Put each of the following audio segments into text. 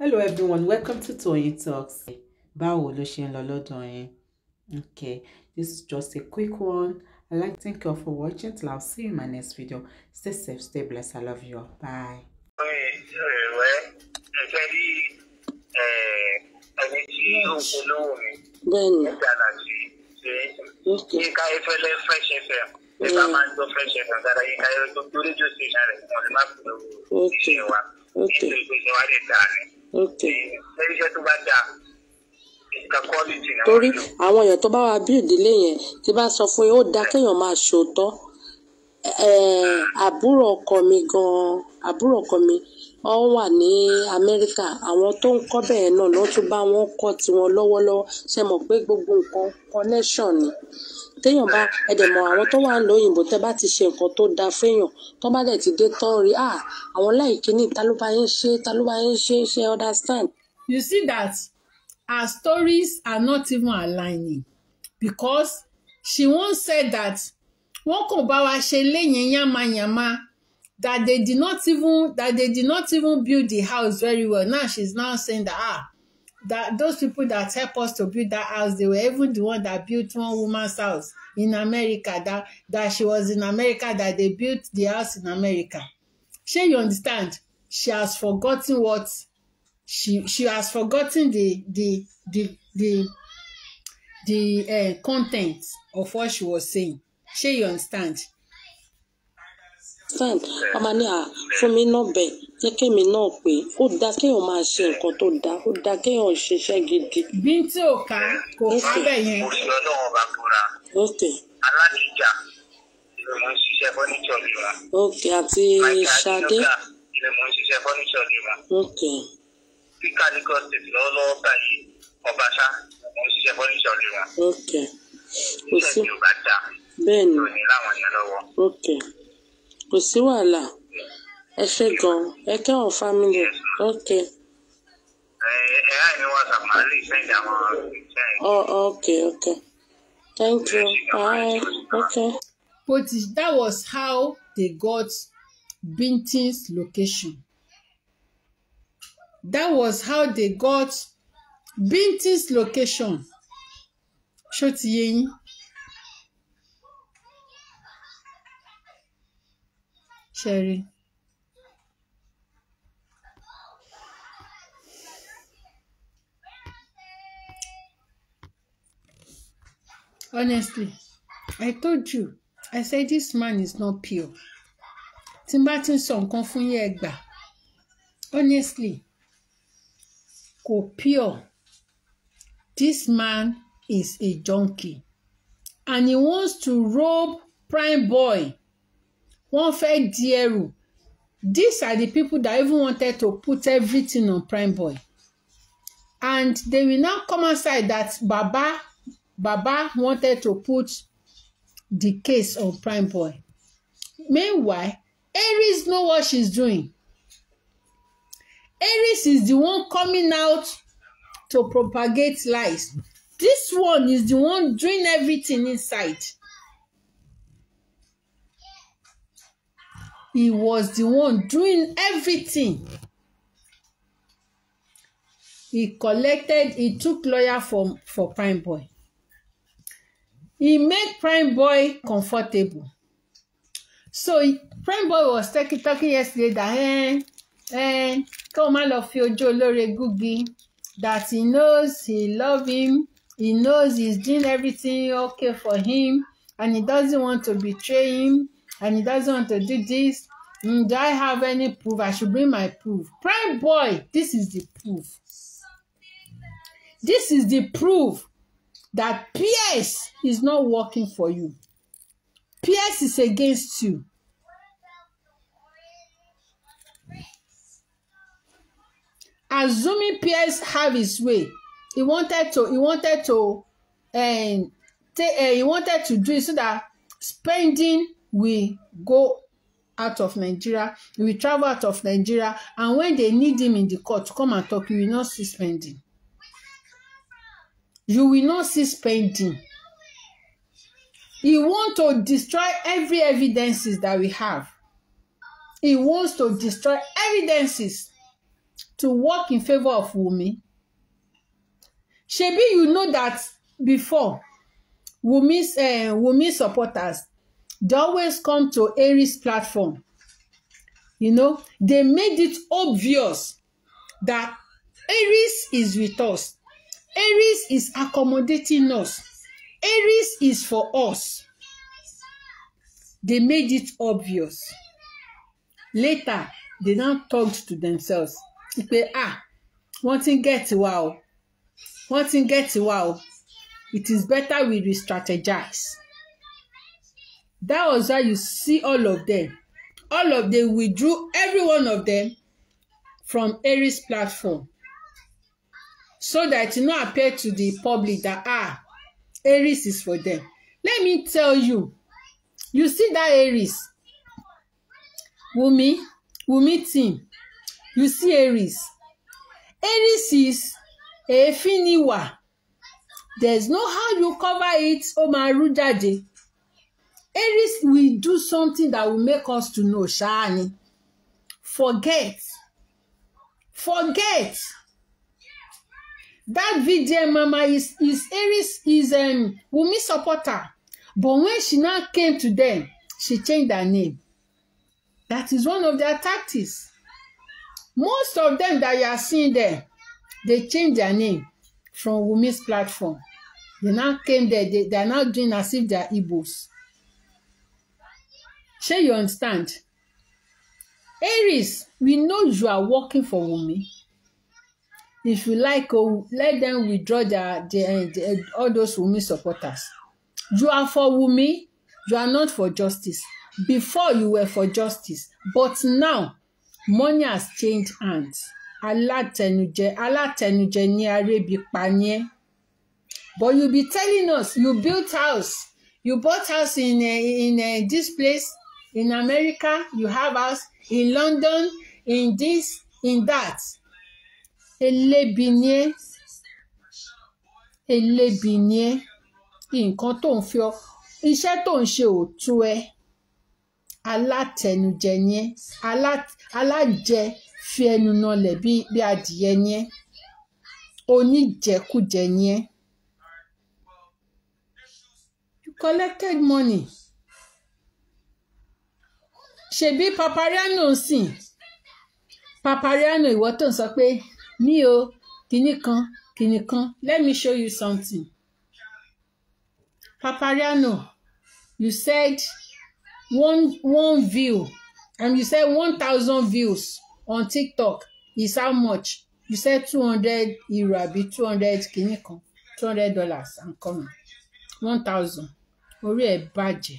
hello everyone welcome to Toyeen Talks báwo ló ṣe ń lọ lọ́dọ̀ yín okay this is just a quick one i like to thank you all for watching till i'll see you in my next video stay safe stay blessed i love you all bye. ẹni tí òkú lówó fresh fm nípa máa ń gbọ́ fresh fm dára yíká efẹ́lẹ́ tó tó rédíò station rẹ̀ wọ́n lè má kúrò ìṣe wa ìṣe ìṣe wa lè dáa ni iṣẹ́ tó bá dáa torí àwọn èèyàn tó bá wá bí ìdílé yẹn tí bá sọ fún yín ó dáa kéèyàn máa ṣòótọ́ àbúrò ọkọ mi gan-an àbúrò ọkọ mi ọ wà ní Amẹ́ríkà àwọn tó ń kọ́ bẹ́ẹ̀ náà ló tún bá wọn kọ́ tiwọn lọ́wọ́lọ́wọ́ ṣe mọ̀ pé gbogbo nǹkan connection ni téèyàn bá ẹ̀dẹ̀ àwọn tó wà ń lo òyìnbó tẹ́ bá ti ṣe nǹkan tó da fẹ́yàn tó bá dẹ̀ ti dé tán rí ah àwọn láìkí ní ta ló bá yín ṣe ta ló bá yín ṣe ṣe understand. you see that her stories are not even aligning because she once said that wọn kò bá wa ṣe léyìn yamayama that they did not even that they did not even build the house very well now she's now saying that ah that those people that help us to build that house, they were even the one that built one woman's house in America, that, that she was in America, that they built the house in America. Shey, you understand? She has forgotten what she she has forgotten the the the the the uh, content of what she was saying. Shey, you understand? Understand? Amania. ní à fún mi jẹ́ kémi náà pé ó dáa kéèyàn máa ṣe nǹkan tó dáa ó dáa kéèyàn ṣiṣẹ́ gidi. bí tí ò ká kò ká bẹ̀ yẹn. orí ọlọ́run bá kúra aládìjà ìlú mo ń ṣiṣẹ́ fọ́níṣọ̀ ni wọn. ok àti Ṣadé. ìlú mo ń ṣiṣẹ́ fọ́níṣọ̀ ni wọn. ok. píkà ní gọ́ọ̀sìt lọ́wọ́lọ́wọ́ báyìí ọbaṣá mo ń ṣiṣẹ́ fọ́níṣọ̀ ni ok. kò sí bẹ́ẹ̀ ni ok kò wàhálà ẹ ṣe gan ẹ kẹ́ àwọn family ok. ẹ á ní whatsapp máa lè àwọn ìṣẹ́ yìí. oh ok ok thank you bye ok. but that was how they got Binti's location. That was how they got Binti's location. ṣó ti Sherry. honestly I told you I said this man is not pure tí n bá ti ń sọ nǹkan fún yín gbà honestly kò pure this man is a junkie and he wants to rob prime boy wọ́n fẹ́ di ẹrù these are the people that even wanted to put everything on prime boy and they will now come outside that baba Baba wanted to put the case on Prime Boy. Meanwhile, Aries know what she's doing. Aries is the one coming out to propagate lies. This one is the one doing everything inside. He was the one doing everything. He collected, he took lawyer for, for Prime Boy. He made Prime Boy comfortable. So Prime Boy was talking, talking yesterday that eh, eh, kó má lọ fi ojú olóore gúgi that he knows he love him he knows he's doing everything okay for him and he doesn't want to betray him and he doesn't want to do this mm, do I have any proof I should bring my proof Prime Boy this is the proof this is the proof that peers is not working for you. Peers is against you. Assuming peers have his way, he wanted to he wanted to And um, take, uh, he wanted to do it so that spending will go out of Nigeria, he will travel out of Nigeria, and when they need him in the court to come and talk, he will not see spending you will not cease spending. He wants to destroy every evidences that we have. He wants to destroy evidences to work in favor of Wunmi. Shebi, you know that before Wunmi's uh, eh, Wunmi supporters, they always come to Aries platform. You know, they made it obvious that Aries is with us. Aries is accommodating us. Aries is for us. They made it obvious. Later, they now talked to themselves. Pé ah, one thing ń get wa o. Wọ́n ti get wa It is better we re-strategize. That was why you see all of them. All of them withdrew every one of them from Aries platform so that you no appear to the public that ah Aries is for them let me tell you you see that Aries Wunmi Wunmi team you see Aries Aries is èéfín ni there's no how you cover it ó máa rú Aries will do something that will make us to know ṣáá forget forget that VGM mama is is Aries is um Wunmi supporter but when she now came to them she changed her name that is one of their tactics most of them that you are seeing there they change their name from Wunmi's platform they now came there they, they are now doing as if they are Igbos shey you understand Aries we know you are working for Wunmi if you like o oh, let them withdraw their their, their all those Wumi supporters you are for Wumi. you are not for justice before you were for justice but now money has changed hands alátẹnujẹ alátẹnujẹ ní arébi paniẹ but you be telling us you built house you bought house in uh, in uh, this place in America you have house in London in this in that elébi ni ẹ́ elébi ni ẹ́ nǹkan tó ń fi ọ iṣẹ́ tó ń ṣe ò tú ẹ alátẹnujẹ ni ẹ́ alájẹ fi ẹnu nalẹ̀ bí adìyẹ ni ẹ́ oníjẹkújẹ ni ẹ́ you collected money ṣebí papariano sìn papariano ìwọ tó ń sọ pé mi ò kinní kan kinní kan let me show you something Papariano you said one one view and you said one thousand views on TikTok is how much you said two hundred euro àbí two hundred kinní kan two hundred dollars and coming one thousand orí ẹ̀ bàjẹ́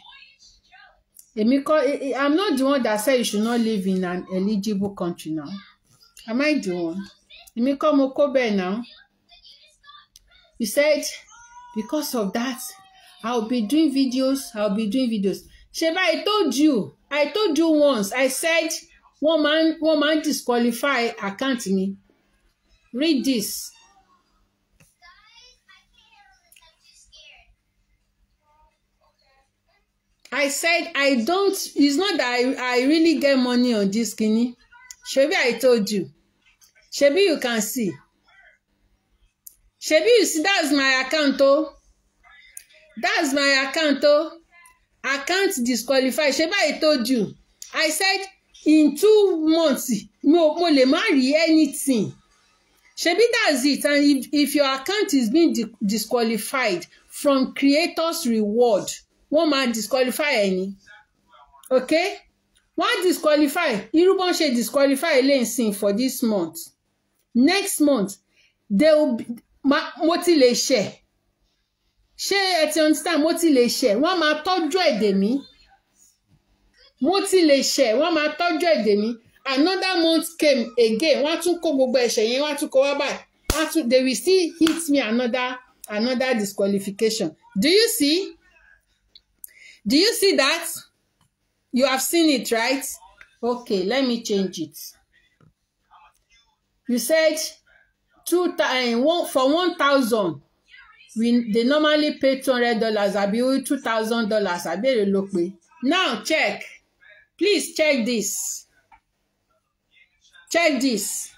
èmi kọ́ i'm not the one that said you should not live in an eligible country now am i the one èmi kọ́ mo kó bẹ́ẹ̀ náà you said because of that i will be doing videos i will be doing videos ṣeba i told you i told you once i said wọ́n máa wọ́n máa disqualify account mi read this. I said I don't it's not that I, I really get money on this kini shebi I told you shebi you can see shebi you see that's my account o oh. that's my account o oh. account disqualified shebi I told you I said in two months no mo lè má anything shebi that's it and if, if your account is being di disqualified from creators reward wọ́n man disqualify any? okay Why disqualify irú she disqualify lẹ́yìn sin for this month next month they will be, ma, mo ti lè ṣẹ̀ ṣé ẹ ti understand mo ti lè ṣẹ̀ wọ́n máa tọ́jú ẹ̀dẹ̀ mi mo ti lè ṣẹ̀ wọ́n máa tọ́jú ẹ̀dẹ̀ mi another month came again wọ́n á tún kó gbogbo ẹ̀ṣẹ̀ yẹn wọ́n á tún kó wá báyìí wọ́n tún they will still hit me another another disqualification do you see do you see that you have seen it right okay let me change it you said two time eh, one for one thousand we dey normally pay two hundred dollars àbí two thousand dollars àbẹ̀rẹ̀ ló pé now check please check this check this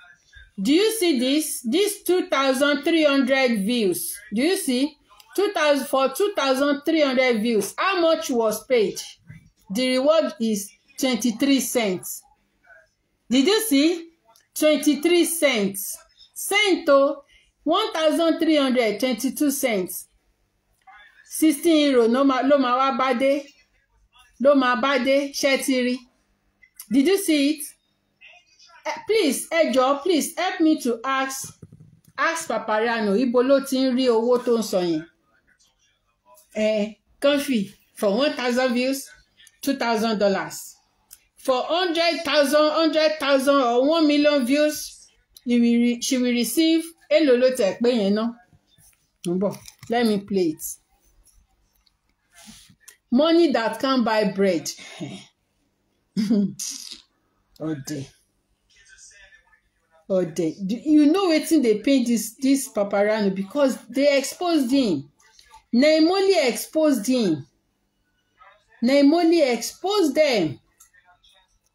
do you see this this two thousand three hundred views do you see two thousand for two thousand three hundred views how much was paid the reward is twenty-three cents did you see twenty-three cents cent o one thousand three hundred twenty-two cents sixteen euro No ma, wá ma wa ló máa bá dé ṣé ti rí did you see it eh, please ẹ eh, please help me to ask ask Papariano ibo ló ti ń rí owó tó eh, comfy for one thousand views two thousand dollars for hundred thousand hundred thousand or one million views you will re she will receive èlò ló tẹ̀ pé yẹn ná ń let me play it money that can buy bread ọ̀dẹ̀ ọ̀dẹ̀ you know wetin dey pain this this paparano because they exposed him na him only exposed him na him only exposed them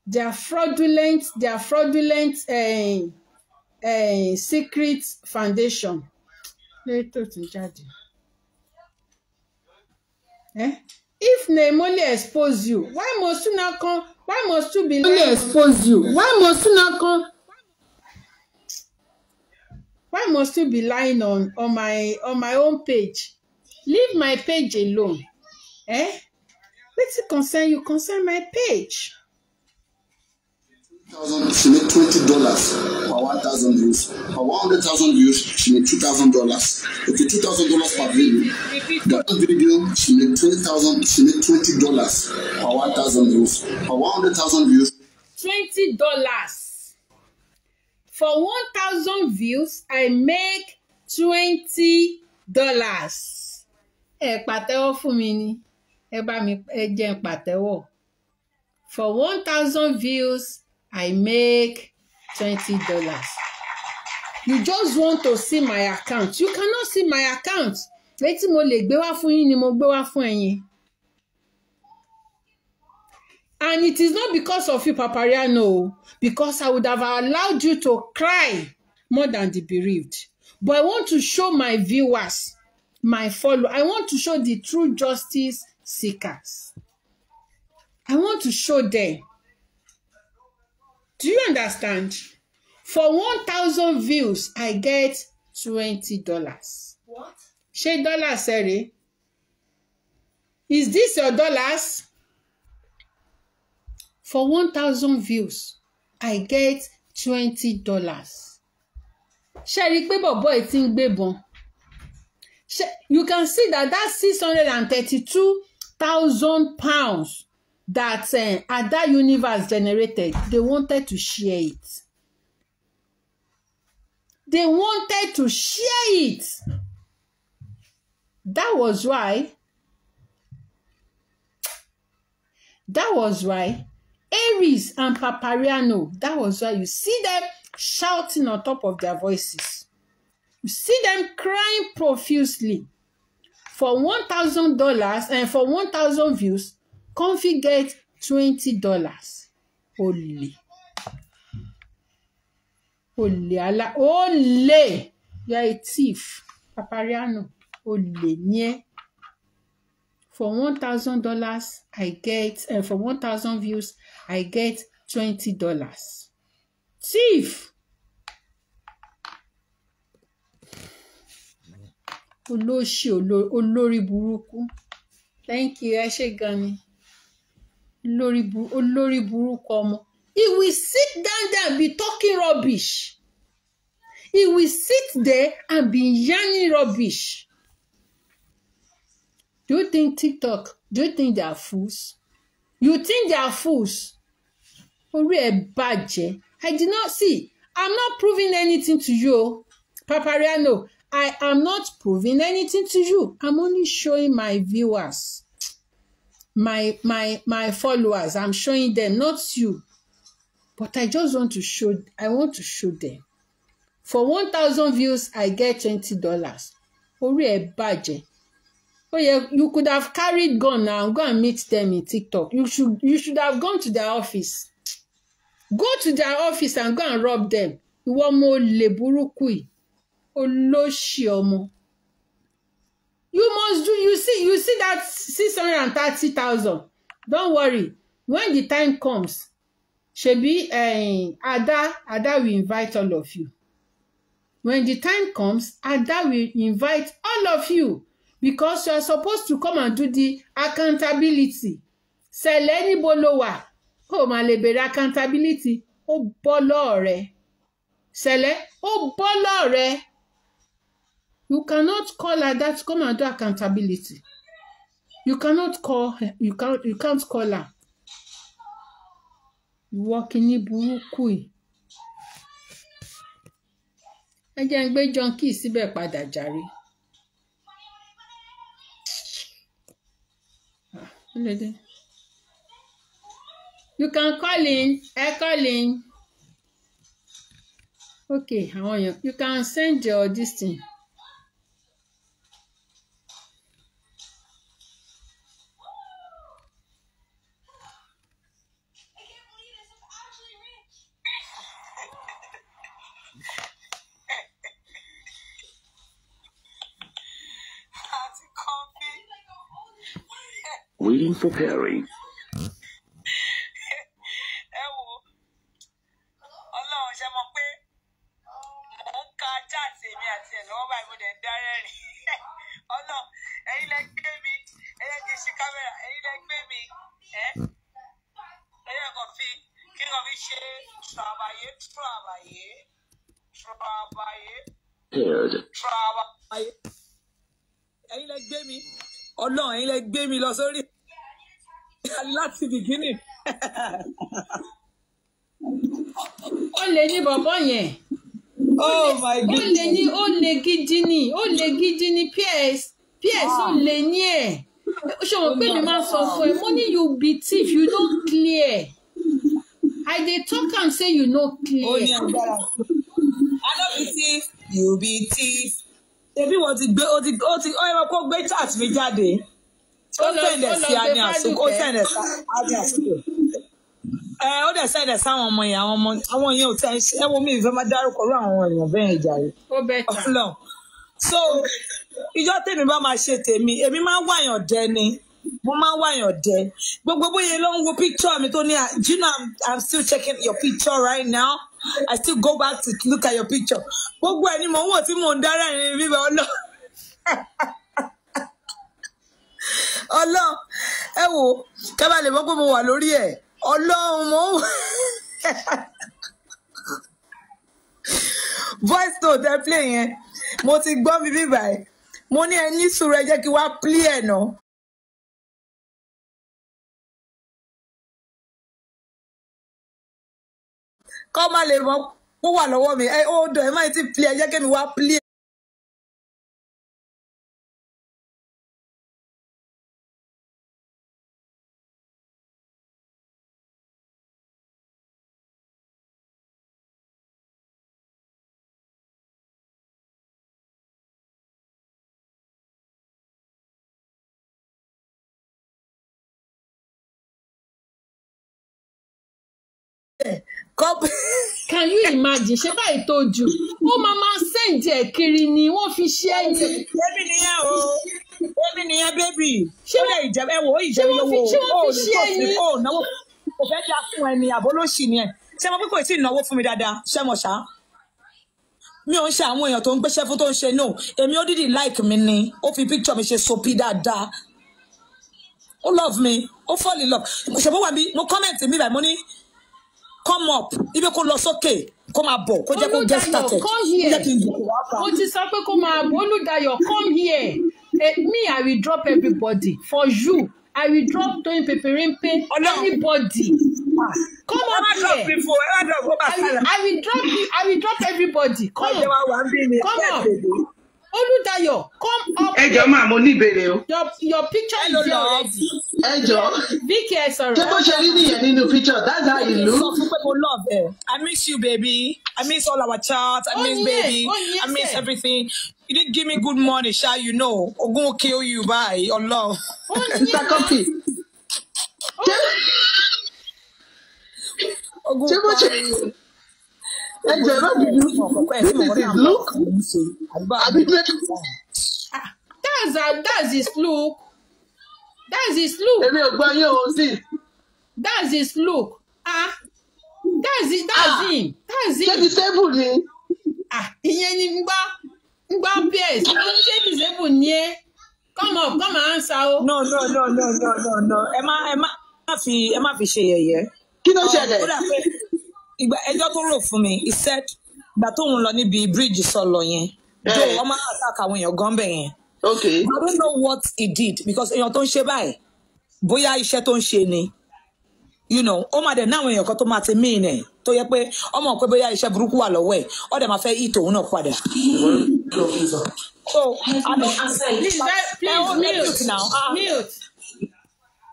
their fraudulent their fraudulent uh, uh, secret foundation lẹ́tọ̀ tó jáde. Eh? if naimoli expose you why must you not come why must you be. naimoli expose you why must you not come. why must you be lying on on my on my own page leave my page alone eh What's it concern you concern my page she made twenty dollars per one thousand views per one hundred thousand views she made two thousand dollars okay two thousand dollars per video that video she made twenty thousand she made twenty dollars per one thousand views per one hundred thousand views. twenty dollars for one thousand views I make twenty dollars. ẹ pàtẹ́wọ́ fún mi ni ẹ bá mi ẹ jẹ́ pàtẹ́wọ́ for one thousand views. I make twenty dollars. You just want to see my account. You cannot see my account. Létí mo lè gbé wá fún yín ni mo gbé wá fún ẹ̀yin. And it is not because of you, Papariano, because I would have allowed you to cry more than the bereaved. But I want to show my viewers, my follow. I want to show the true justice seekers. I want to show them do you understand for one thousand views i get twenty dollars ṣé dollars ẹ is this your dollars for one thousand views i get twenty dollars ṣe rí i pé bọ̀bọ̀ yìí ti you can see that that's six hundred and thirty-two thousand pounds that uh, that universe generated, they wanted to share it. They wanted to share it. That was why. That was why Aries and Papariano, that was why you see them shouting on top of their voices. You see them crying profusely for $1,000 and for 1,000 views comfy get twenty dollars only, olè ala olè you are a thief papariano olè ni for one thousand dollars i get uh, for one thousand views i get twenty dollars thief olóṣì olórí burúkú thank you ẹ ṣé gan ni olórí burúkú ọmọ he will sit down there and be talking rubbish he will sit there and be yarning rubbish do you think TikTok do you think they are fools you think they are fools orí ẹ̀ bàjẹ́ I did not see I'm not proving anything to you Papariano I am not proving anything to you I'm only showing my viewers my my my followers i'm showing them not you but i just want to show i want to show them for one thousand views i get twenty dollars orí ẹ bàjẹ́ oh yeah you could have carried gun now go and meet them in tiktok you should you should have gone to their office go to their office and go and rob them ìwọ ọmọ olè burúkú yìí olóṣì ọmọ you must do you see you see that six hundred and thirty thousand don't worry when the time comes shebi um, eh, ada ada will invite all of you when the time comes ada will invite all of you because you are supposed to come and do the accountability ṣẹlẹ̀ Bolowa, ló wà kó máa accountability O bọ́ lọ́ọ̀rẹ́ ṣẹlẹ̀ ó bọ́ lọ́ọ̀rẹ́. You cannot call like that. Come and do accountability. You cannot call You can't. You can't call her. Ìwọ kìíní burúkú I can't be ń gbé John Key síbẹ̀ padà jàre. You can call in. Ẹ call in. Okay, àwọn èèyàn. You can send your this thing. waiting for pairing. Paired. ẹ̀yin lẹ gbé mi ọlọ́run ẹ̀yin lẹ gbé mi lọ sórí láti bìgínì. ó lè ní bọ̀bọ̀ yẹn. oh my god. ó lè ní ó lè gidi ni ó lè gidi ni ps ps ó lè ní ẹ̀ ṣé mo pé mi máa sọ fún ẹ mo ní you be thief you no clear i dey talk am say you no clear. ó ní agbára i no be thief you be thief. ṣebí wọ́n ti gbé ó ti ó ti ó yẹ kó gbé chat mi jáde ó sẹ̀ǹdẹ̀ sí ani àsùkò ó sẹ̀ǹdẹ̀ sí ani àsùkò ẹ ó dẹ̀ sẹ̀ǹdẹ̀ sáwọn ọmọ yẹn àwọn ọmọ àwọn yẹn ò tẹ ẹ wo mi ìfẹ́ máa dárúkọ rú àwọn èèyàn bẹ́ẹ̀ ìjà rẹ̀ ọlọ́run so ìjọ tèmi bá máa ṣe tèmi èmi máa ń wàyàn dẹ ni mo máa ń wàyàn dẹ gbogbo bóyá ló ń wo picture mi tó ní ah, do you know I'm, still checking your picture right now I still go back to look at your picture gbogbo ẹni mo ń wò tí mo ń dára ẹni bíbẹ ọlọ́run. ọlọ́run ẹ wò kábàá lè mọ̀ pé mo wà lórí ẹ̀ ọlọ́run mo ń voice note ẹ play yẹn mo ti gbọ́ mi bíbà ẹ̀ mo ní ẹ ní sùúrù ẹ jẹ́ kí wá play ẹ̀ náà. kọ́ máa lè mọ̀ pé wà lọ́wọ́ mi ẹ ó dọ̀ ẹ má ti play ẹ jẹ́ kí mi wá play. copy. can you imagine ṣé báyìí tó jù ó máa máa sẹ́ǹdì ẹ̀ kiri ni wọ́n fi ṣe é jẹ. bébì nìyẹn o bébì nìyẹn bébì ó lè jẹ ẹ wò ó ìjẹun lówó o ò ní kò sí o ò náwó kò fẹ́ dá fún ẹ ní àbólóṣì ni ẹ ṣé mo pé kò tí ì náwó fún mi dáadáa ṣé mo ṣá mi ò ń ṣe àwọn èèyàn tó ń gbéṣẹ́ fún tó ń ṣe no èmi ó dídì like mi ni ó fi picture mi ṣe sopi dáadáa ó love me ó fall in love ṣèbó wà mí mo comment mi báyìí mo ní come up ibi kó lọ sókè kó máa bọ̀ kó jẹ́ kó get started jẹ́ kí n bọ̀. mo ti sọ pé kó máa Olúdáyọ̀ come here eh, me i will drop everybody for you i will drop Toyin Peperempe anybody come up here I will, i will drop you i will drop everybody come up come up. Olúdáyọ̀ come up. here. jọ máa mo ní ìbéèrè o. your your picture is there already ẹ jọ Vicky ẹ sọ̀rọ̀ ṣé bó ṣe rí nìyẹn nínú picture that's how you look. sọ fún mo love ẹ I miss you baby I miss all our chat I oh, miss baby oh, I miss everything you dey give me good money sha you know ogun will kill you bye ọlọ. Mr. Kofi ṣé bó ṣe ẹ jẹ ẹ bá dúdú this is look àbí. Ah, that's that's his look that's his look. èmi ò gbọ́ yín sí. that's his look. ah that's it that's ah. him that's him. ṣé disable ni. ah ìyẹn ni ń gbọ́ ń gbọ́ ps ṣé disable ni ẹ́ come up come answer o. no no no no no no no ẹ má ẹ má fi ẹ má fi ṣe yẹ̀yẹ́. kí ló ṣẹlẹ̀. ó dà ìgbà ẹjọ́ tó rò fún mi he said ìgbà tóun lọ níbi bíríìjì sọ̀lọ̀ yẹn. jọ̀ọ́ ọmọ àtàkà àwọn èèyàn gan bẹ̀ okay. I don't know what he did because èèyàn tó ń ṣe báyìí bóyá iṣẹ́ tó ń ṣe ni you know ó máa dẹ̀ náwọn èèyàn kan tó máa ti mí nẹ̀ tó yẹ pé ọmọ pé bóyá iṣẹ́ burúkú wà lọ́wọ́ ẹ̀ ó dẹ̀ máa fẹ́ yí tòun náà padà. so i mean please please mute now. Ah, ah. mute.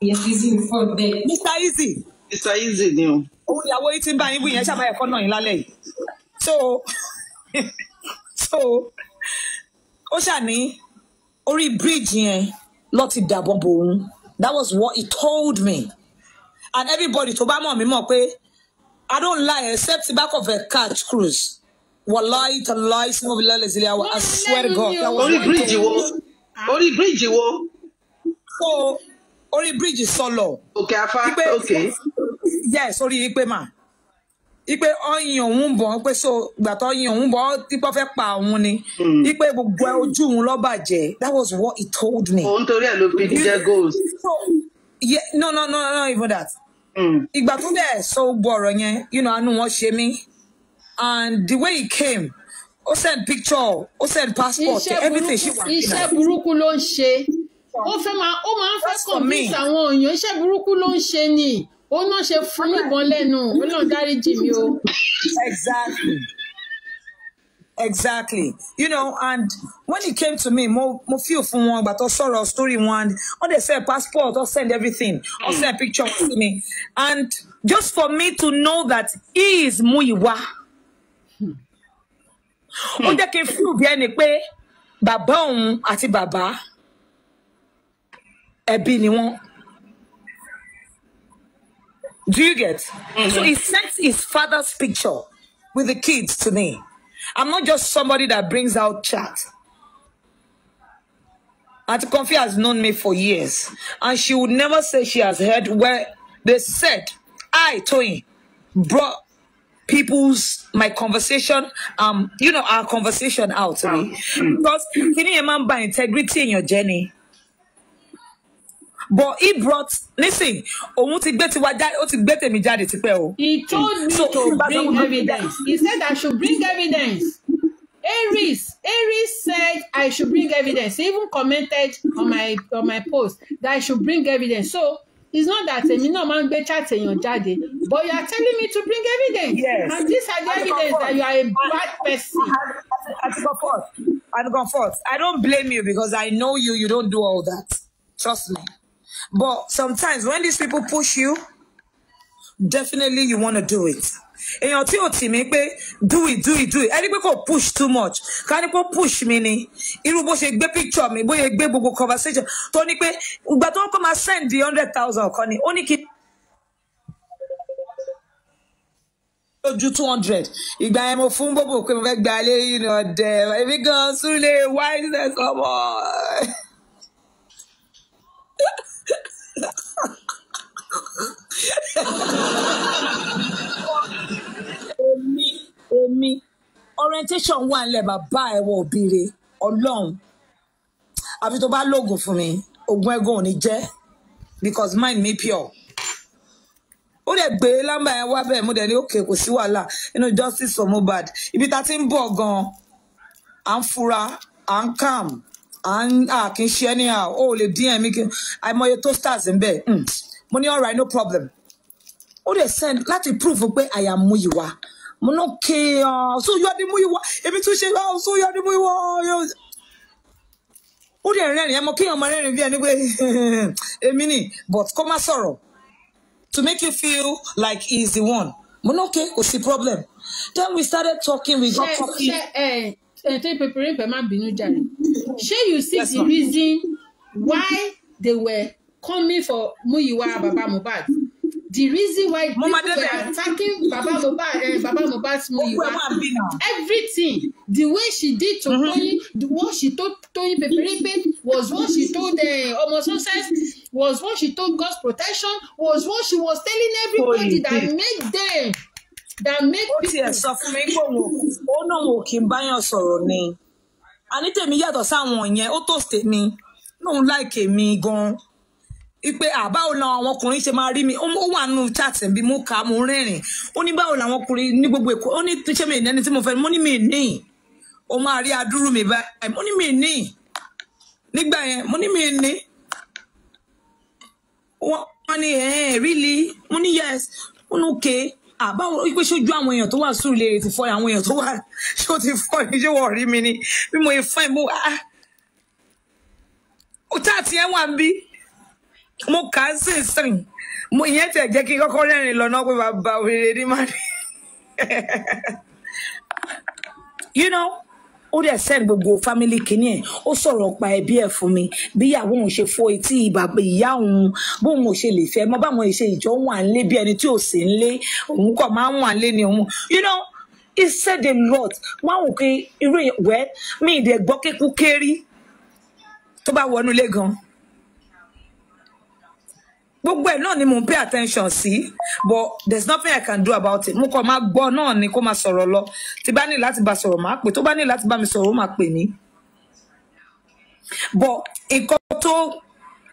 yes easy before mr easy. mr easy ni o. òun ìyàwó yìí ti ń bá yín bú yẹn ṣàbáyé ẹ̀kọ́ náà yín lálẹ́ yìí. so so ó ṣàní orí bíríìjì yẹn ló ti dàbọ̀ bò òun that was what he told me and everybody tó bá mọ̀ mí mọ̀ pé I don't lie except the back of a catch cruise wàláì tàláì sínú ìlà ìlẹ̀sílẹ̀ àwọn I swear to God. orí bíríìjì wo orí bíríìjì wo. so orí bíríìjì sọlọ. òkè afá òkè. yes orí ipe ma ipe ọyìn òun bọ̀ pé so ìgbà tó ọyìn òun bọ̀ tipọ́ fẹ́ pa òun ni hmm. ipe gbogbo ojú òun ló bàjẹ́ that was what he told me. òun oh, torí ẹ̀ ló fi jẹ́ goals. yeah no no no no even that. Hmm. ìgbà tó dẹ̀ sọ gbogbo ọ̀rọ̀ yẹn you know àánú wọn ṣe mí and the way he came ó send picture ó send passport everything ṣì wà iṣẹ́ burúkú ló ń ṣe ó fẹ́ máa ó máa ń fẹ́ convince àwọn èèyàn iṣẹ́ burúkú ló ń ṣe ni ó ná ṣe fún ìbọn lẹ́nu ó náà dáríjì mi o. exactly exactly you know and when he came to me mo mo feel one, but I saw sọ̀rọ̀ story one. and they dey passport or send everything or send picture to me and just for me to know that he is Muyiwa ó they can feel the ẹni pé bàbá òun àti bàbá ẹbí ni Do you get? Mm-hmm. So he sets his father's picture with the kids to me. I'm not just somebody that brings out chat. Auntie Confia has known me for years, and she would never say she has heard where they said I, Toyin, brought people's my conversation, um, you know, our conversation out to me. Mm. Because can you remember integrity in your journey? but he brought listen. òun ti gbé tiwa jáde ó ti gbé tèmi jáde tipẹ́ o. he told me so, to bring evidence he said I should bring evidence Aries, Aries said I should bring evidence. He even commented on my on my post that I should bring evidence. So it's not that èmi náà máa ń gbé chat èèyàn jáde, but you are telling me to bring evidence. Yes. And these are the I've evidence that you are a bad person. I've gone forth. I've gone forth. I don't blame you because I know you. You don't do all that. Trust me. But sometimes when these people push you, definitely you want to do it. èèyàn your ò tì do it do it do it ẹni pé push too much Can ní push mi ni irú bó ṣe picture me boy ṣe gbé gbogbo conversation Tony, ní pé ìgbà tó kọ́ máa send the hundred thousand kan ni ó ní kí. lójú two hundred ìgbà yẹn mo fún gbogbo pé mo fẹ́ gba ilé yìí ní ọ̀dẹ èmi gan-an why is that so much? omi omi orientation wà nílẹ̀ bàbá ẹ̀wọ̀ òbíire ọlọ́run àfi tó bá lóògùn fún mi oògùn ẹ̀gùn ò ní jẹ́ because mine me pure ó dẹ̀ gbé lámbà yẹn wá bẹ́ẹ̀ mo dẹ̀ ní òkè kò sí wàhálà inú justice for Mohbad ibi tá a ti ń bọ̀ gan-an à ń fura à ń calm à ah, kì í ṣe anyhow ó lè dín ẹ̀mí kí àìmọye toasters ń bẹ̀ hmm. mo ní all no problem ó lè send láti proof pé àyà mú yìí wá mo ní kí ah, so yọ ọdún mú yìí wá èmi tún ṣe oh, so yọ ọdún mú yìí wá ó dẹ̀ rẹ́rìn ẹ̀ mọ kí ọmọ rẹ́rìn bí ẹni pé èmi ni but kó má sọ̀rọ̀ to make you feel like he is the one mo ní okay kò sí problem then we started talking we got talking. Eh, ẹ̀tọ́ ìpèpèrè ìpè má bínú jàre ṣé you see the reason why they were coming for Muyiwa Baba Mohbad the reason why people were attacking Baba Mohbad uh, Baba Mohbad's Muyiwa everything the way she did to mm the what she told Toyin Peperepe was what she told eh, Omo uh, Success was what she told God's protection was what she was telling everybody that make them that make people. ó tiẹ̀ sọ fún mi pé òun ó náà wò kí n báyàn sọ̀rọ̀ ni anítèmi yàtọ̀ sáwọn yẹn ó tó tèmi lóun láìkè mi gan-an ipe àbáwo làwọn àwọn ọkùnrin ṣe máa rí mi ó wà nù chatin bí mo kà mo rẹ́rìn ó ní báwo làwọn ọkùnrin ní gbogbo èkó ó ní ṣé mi ìnẹni tí mo fẹ́ mo ní mi níyìn ó máa rí adúrú mi báyìí mo ní mi níyìn nígbà yẹn mo ní mi ní wọ́n ní ẹ̀ rí li mo ní yes mo ní okay àbáwọn ah, wípé ṣojú àwọn èèyàn tó wà sùúrù lè ti fọ́ àwọn èèyàn tó wà ṣó ti fọ́ ni ṣé wọ́n rí mi ni bí mo fẹ́ mo ah tá àti ẹ̀ wà ń bí mo kà á sí ìsìn mo ìyẹn tẹ̀ jẹ́ kí kọ́kọ́ rẹ́rìn lọ náà pé bàbá òrèrè ní màdì you know ó dẹ̀ send gbogbo family kìíní ẹ̀ ó sọ̀rọ̀ pa ẹbí ẹ̀ fún mi bí ìyàwó òun ṣe fo etí ìyá òun bóun ò ṣe lè fẹ́ mọ́ báwọn ìṣe ìjọ wà ń lé bí ẹni tí ò sí ń òun kọ̀ máa ń wà ń ni òun you know he said a lot wọn wò pé irú ìwẹ́ mi ìdẹ̀gbọ́ kékú kéré tó bá wọnú ilé gan-an gbogbo ẹ̀ náà ni mò ń pay attention sí but there's nothing I can do about it mo kàn máa gbọ́ náà ni kó máa sọ̀rọ̀ lọ tí bá ní láti bá sọ̀rọ̀ máa pè tó bá ní láti bá mi sọ̀rọ̀ ó máa pè mí but nǹkan tó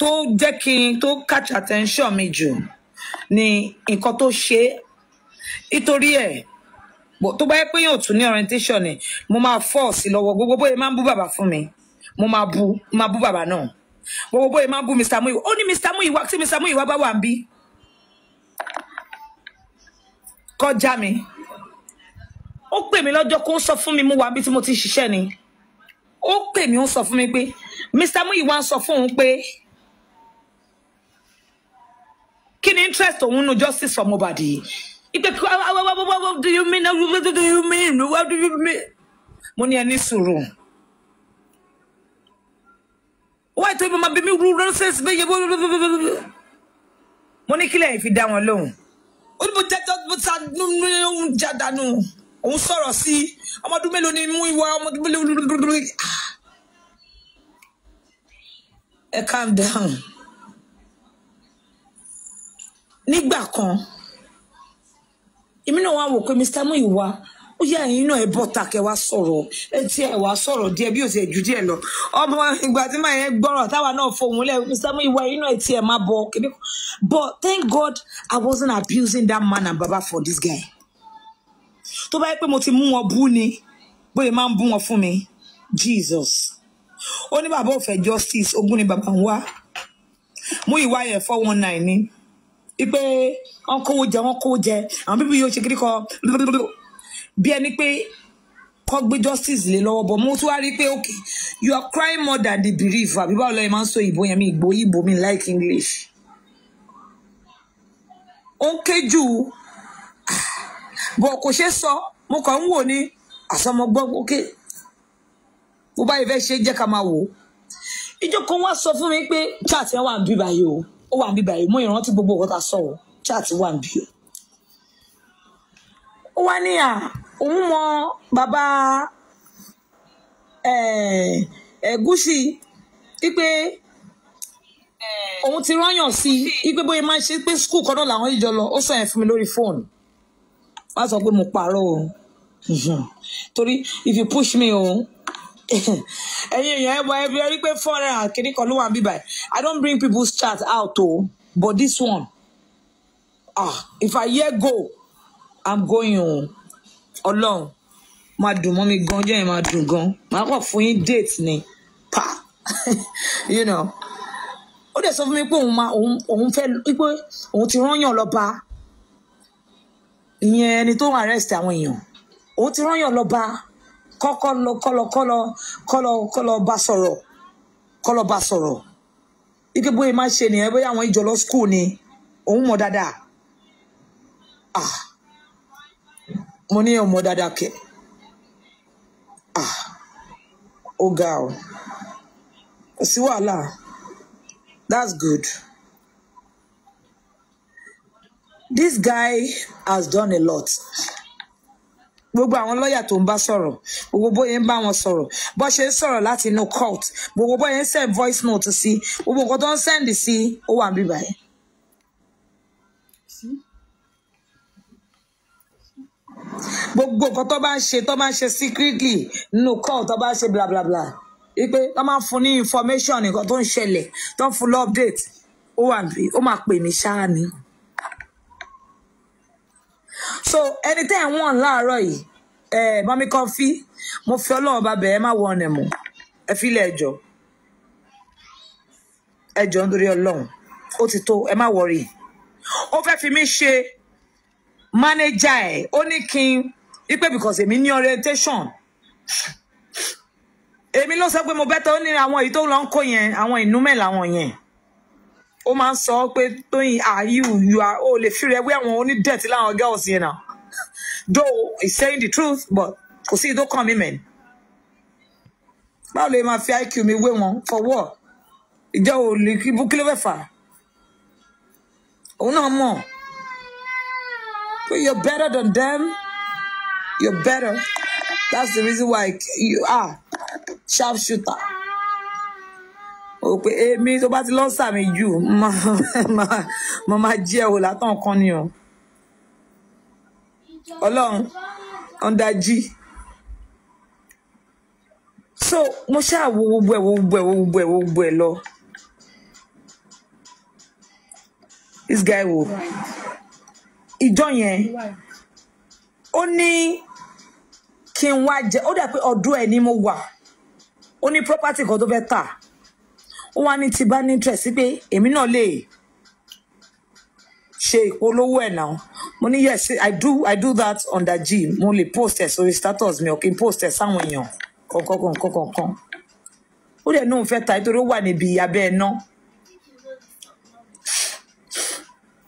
tó jẹ́ kí n tó catch attention mi jù ni nǹkan tó ṣe nítorí ẹ̀ tó bá yẹ pé yóò tún ní orientation ni mo máa fọ́ sí lọ́wọ́ gbogbo bóyá máa ń bú bàbá fún mi mo máa bú bàbá náà. Boy, gbogbo yìí máa ń bú Mr. Muyiwa ó ní Mr. Muyiwa tí Mr. Muyiwa bá wà ń bí kọjá mi ó pè mí lọ́jọ́ kó sọ fún mi mú wa bí tí mo ti ṣiṣẹ́ ni ó pè mí ó sọ fún mi pé Mr. Muyiwa sọ fún òun pé kí interest òun nu justice for Mohbad yìí ipe what do you mean what do you mean what do you mean mo ní ẹni sùúrù wọ́n ètò ìmọ̀ bí mi rú ránṣẹ́sì bẹ́yẹ mo ní kílẹ̀ ìfi dá wọn lóhùn ó ní mo jẹ́jọ́ mo ta ohun jádànù òun sọ̀rọ̀ sí ọmọdún mélòó ni mú ìwà ọmọdún mélòó ah. ẹ calm down nígbà kan èmi náà wá wò pé Mr. Muiwa ó yá ẹ̀yin náà ẹ bọ́ta kẹ wá sọ̀rọ̀ ẹ tí ẹ wá sọ̀rọ̀ díẹ̀ bí ó ti ẹ̀ lọ ọmọ ìgbà tí màá yẹn gbọ́rọ̀ táwa náà fohùn lẹ̀ sẹ́mu ìwà ẹ̀yin náà ẹ tí ẹ má bọ̀ kébí but thank God I wasn't abusing that man and baba for this guy tó bá yẹ pé mo ti mú wọn bú ni bóyá máa ń bú wọn fún mi Jesus ó ní bàbá òfẹ́ justice ogún ni bàbá ń wá mú ìwà yẹn four one nine ni ipe wọn kówó jẹ wọn kówó jẹ àwọn bíbí yóò ṣe kiri kọ bí ẹni pé kọ́ gbé justice lé lọ́wọ́ bọ̀ mo tún wá rí i pé okay you are crying more than the belief àbí báwo lọ́ọ́ yẹn máa ń sọ ìbò yẹn mi ìgbò ìbò mi like English. ó ń ké jù bọ̀ kò ṣe sọ mo kàn ń wò ní àsọmọgbọ́n ókè bó bá yẹ fẹ́ ṣe jẹ́ ká máa wò ó. ìjọ wá sọ fún mi pé chat yẹn wà ń bí báyìí o ó wà ń bí báyìí mo ìrántí gbogbo nǹkan tá a chat wà ń bí o ó wá ní Baba, òun mọ bàbá ẹ̀gúsí wípé òun ti rányàn sí i wípé bóyá máa ń ṣe pé skul kan náà làwọn ìjọ lọ ó sọ yẹn fún mi lórí fóònù wá sọ pé mo pààrọ̀ o torí if you push me o ẹ̀yin èèyàn ẹ bọ ẹ bí ẹ rí pé foreign kìnnì kan ló wà bíbà i don bring people's chat out o but this one ah if i hear go i'm going home ọlọ́run máa dùn mọ́ mi gan jẹ́ yẹn máa dùn gan máa kọ̀ fún yín date ni pa you know ó dẹ̀ sọ fún mi pé òun máa òun òun fẹ́ pé òun ti rányàn lọ́ba ìyẹn ẹni tó arrest àwọn èèyàn òun ti rányàn lọ́ba kọ́kọ́lọ kọ́lọ kọ́lọ kọ́lọ bá sọ̀rọ̀ kọ́lọ bá sọ̀rọ̀ ike bóyá máa ṣe nìyẹn bóyá àwọn ìjọ lọ school ni òun mọ̀ dáadáa ah mo ní ọmọ dáadáa kẹ ah, ó ga ọ kò sí wàhálà that's good this guy has done a lot gbogbo àwọn lọ́ọ̀yà tó ń bá sọ̀rọ̀ gbogbo bóyá ń bá wọn sọ̀rọ̀ bó ṣe ń sọ̀rọ̀ láti inú court gbogbo bóyá ń send voice note sí gbogbo nǹkan tó ń send sí ó wà ń bíbáyìí. gbogbo nǹkan tó bá ń ṣe tó bá ń ṣe secretly nínú call tó bá ń ṣe bla bla bla wípé tó máa ń fún ní information nǹkan tó ń ṣẹlẹ̀ tó ń fún lọ update ó wà bí ó máa pè mí ṣáá ni. so ẹni tẹ́ ẹ̀ ń wọ̀n láàárọ̀ yìí ẹ mọ́mí kan fí mo fi ọlọ́run bá bẹ̀ẹ́ má wọ̀n ẹ̀ mọ́ ẹ fílẹ̀ ẹ̀jọ̀ ẹ̀jọ̀ nítorí ọlọ́run ó ti tó ẹ má wọrí ó fẹ́ fi mí ṣe Manager, ẹ̀ ó ní kí n wípé because èmi ní orientation èmi ló sọ pé mo bẹ́tọ̀ ó ní àwọn èyí tó lọ ń kó yẹn àwọn ìnúmẹ̀ làwọn yẹn ó máa ń sọ pé tóyìn ààyè ìwà ó lè fi rẹ̀ wé àwọn onídẹ̀tí láwọn girls yẹn náà though he's saying the truth but kò sí ìdó kàn mí mẹ́ni báwo lè máa fi iq mi wé wọn for what ìjọ ò lè kí ló fẹ́ fà òun náà mọ̀. But you're better than them. You're better. That's the reason why you are sharpshooter. òpè èmi tó bá ti lọ sàmì mama, mo máa jẹ́ ò látàn kan ni o ọlọ́run G. so mo ṣáà wo gbogbo ẹ̀ wo gbogbo ẹ̀ wo gbogbo ẹ̀ wo gbogbo ẹ̀ lọ this guy wo. Right ìjọ yẹn ó ní kí n wá jẹ ó dà pé ọdún ẹ ni mo wà ó ní property kan tó fẹ́ tà ó wá ní ti bá ní interest sí pé èmi náà lè ṣe ìpolówó ẹ̀ náà mo ní yes i do i do that under G mo lè post ẹ̀ sórí status mi ò kí n post ẹ̀ sáwọn èèyàn kankan kankan kankan ó dẹ̀ náà fẹ́ ta nítorí ó wà níbi abẹ́ ẹ̀ náà